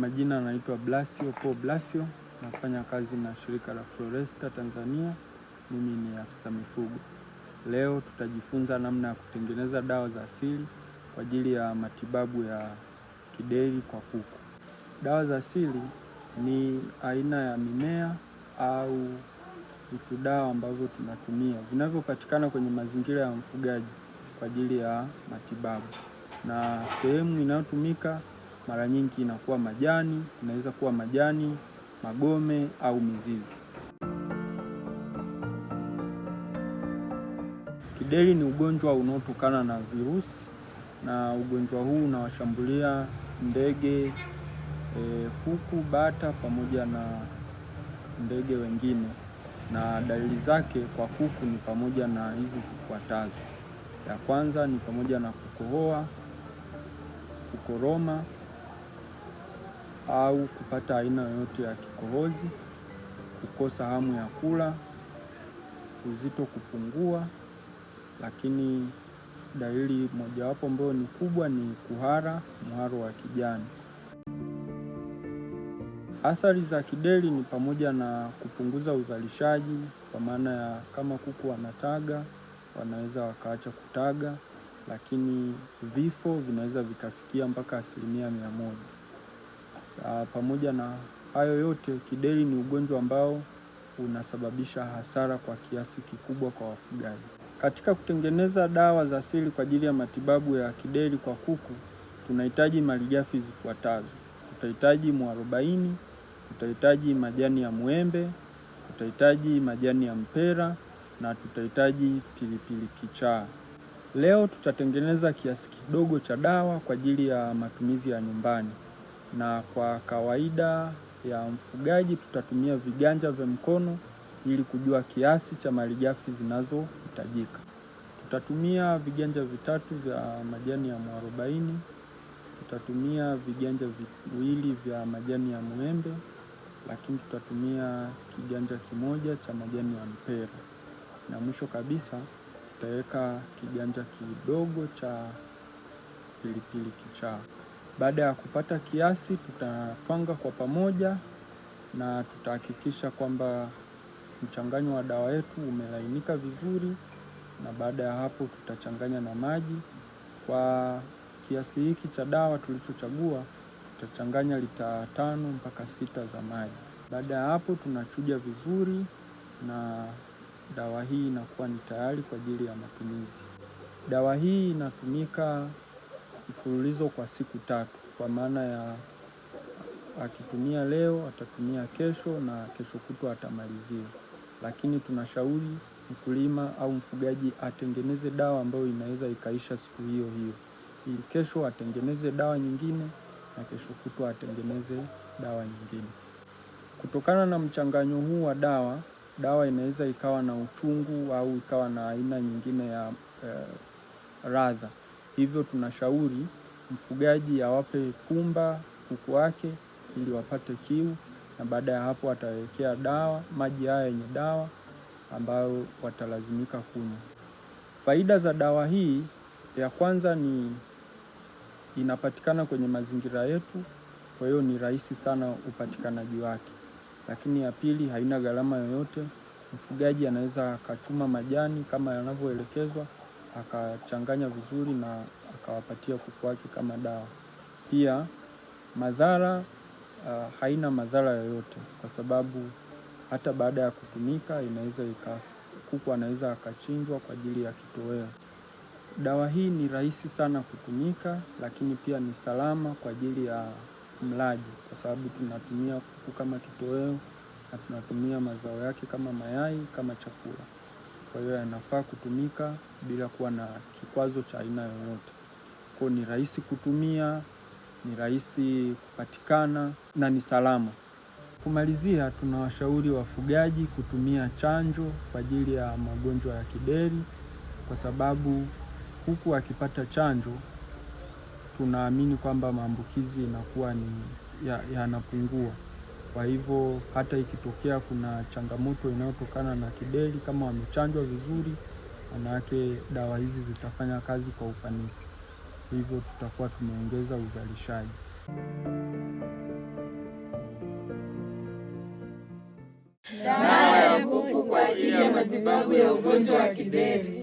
majina anaitwa Blasio Paul Blasio, nafanya kazi na shirika la Floresta Tanzania. Mimi ni afisa mifugo. Leo tutajifunza namna ya kutengeneza dawa za asili kwa ajili ya matibabu ya kideri kwa kuku. Dawa za asili ni aina ya mimea au vitu dawa ambavyo tunatumia vinavyopatikana kwenye mazingira ya mfugaji kwa ajili ya matibabu, na sehemu inayotumika mara nyingi inakuwa majani, inaweza kuwa majani, magome au mizizi. Kideri ni ugonjwa unaotokana na virusi, na ugonjwa huu unawashambulia ndege e, kuku, bata pamoja na ndege wengine, na dalili zake kwa kuku ni pamoja na hizi zifuatazo. Ya kwanza ni pamoja na kukohoa, kukoroma au kupata aina yoyote ya kikohozi, kukosa hamu ya kula, uzito kupungua, lakini dalili mojawapo ambayo ni kubwa ni kuhara, mharo wa kijani. Athari za kideri ni pamoja na kupunguza uzalishaji, kwa maana ya kama kuku wanataga wanaweza wakaacha kutaga, lakini vifo vinaweza vikafikia mpaka asilimia mia moja. Ah, pamoja na hayo yote, kideri ni ugonjwa ambao unasababisha hasara kwa kiasi kikubwa kwa wafugaji. Katika kutengeneza dawa za asili kwa ajili ya matibabu ya kideri kwa kuku, tunahitaji malighafi zifuatazo: tutahitaji mwarobaini, tutahitaji majani ya mwembe, tutahitaji majani ya mpera na tutahitaji pilipili kichaa. Leo tutatengeneza kiasi kidogo cha dawa kwa ajili ya matumizi ya nyumbani na kwa kawaida ya mfugaji tutatumia viganja vya mkono ili kujua kiasi cha malighafi zinazohitajika. Tutatumia viganja vitatu vya majani ya mwarobaini, tutatumia viganja viwili vya majani ya mwembe, lakini tutatumia kiganja kimoja cha majani ya mpera, na mwisho kabisa tutaweka kiganja kidogo cha pilipili kichaa. Baada ya kupata kiasi, tutapanga kwa pamoja na tutahakikisha kwamba mchanganyo wa dawa yetu umelainika vizuri, na baada ya hapo tutachanganya na maji. Kwa kiasi hiki cha dawa tulichochagua, tutachanganya lita tano mpaka sita za maji. Baada ya hapo tunachuja vizuri na dawa hii inakuwa ni tayari kwa ajili ya matumizi. Dawa hii inatumika mfululizo kwa siku tatu, kwa maana ya akitumia leo atatumia kesho na kesho kutwa atamalizia. Lakini tunashauri mkulima au mfugaji atengeneze dawa ambayo inaweza ikaisha siku hiyo hiyo, ili kesho atengeneze dawa nyingine na kesho kutwa atengeneze dawa nyingine. Kutokana na mchanganyo huu wa dawa, dawa inaweza ikawa na uchungu au ikawa na aina nyingine ya eh, radha Hivyo tunashauri mfugaji awape pumba kuku wake ili wapate kiu, na baada ya hapo atawekea dawa, maji haya yenye dawa ambayo watalazimika kunywa. Faida za dawa hii, ya kwanza ni inapatikana kwenye mazingira yetu, kwa hiyo ni rahisi sana upatikanaji wake. Lakini ya pili, haina gharama yoyote. Mfugaji anaweza akachuma majani kama yanavyoelekezwa akachanganya vizuri na akawapatia kuku wake kama dawa. Pia madhara uh, haina madhara yoyote kwa sababu hata baada ya kutumika inaweza ika, kuku anaweza akachinjwa kwa ajili ya kitoweo. Dawa hii ni rahisi sana kutumika, lakini pia ni salama kwa ajili ya mlaji, kwa sababu tunatumia kuku kama kitoweo na tunatumia mazao yake kama mayai kama chakula. Kwa hiyo yanafaa kutumika bila kuwa na kikwazo cha aina yoyote. Kwa ni rahisi kutumia, ni rahisi kupatikana na ni salama. Kumalizia tunawashauri wafugaji kutumia chanjo kwa ajili ya magonjwa ya kideri kwa sababu kuku akipata chanjo tunaamini kwamba maambukizi inakuwa ni yanapungua. Kwa hivyo hata ikitokea kuna changamoto inayotokana na kideri, kama wamechanjwa vizuri, manake dawa hizi zitafanya kazi kwa ufanisi, hivyo tutakuwa tumeongeza uzalishaji. Dawa ya kuku kwa ajili ya matibabu ya ugonjwa wa kideri.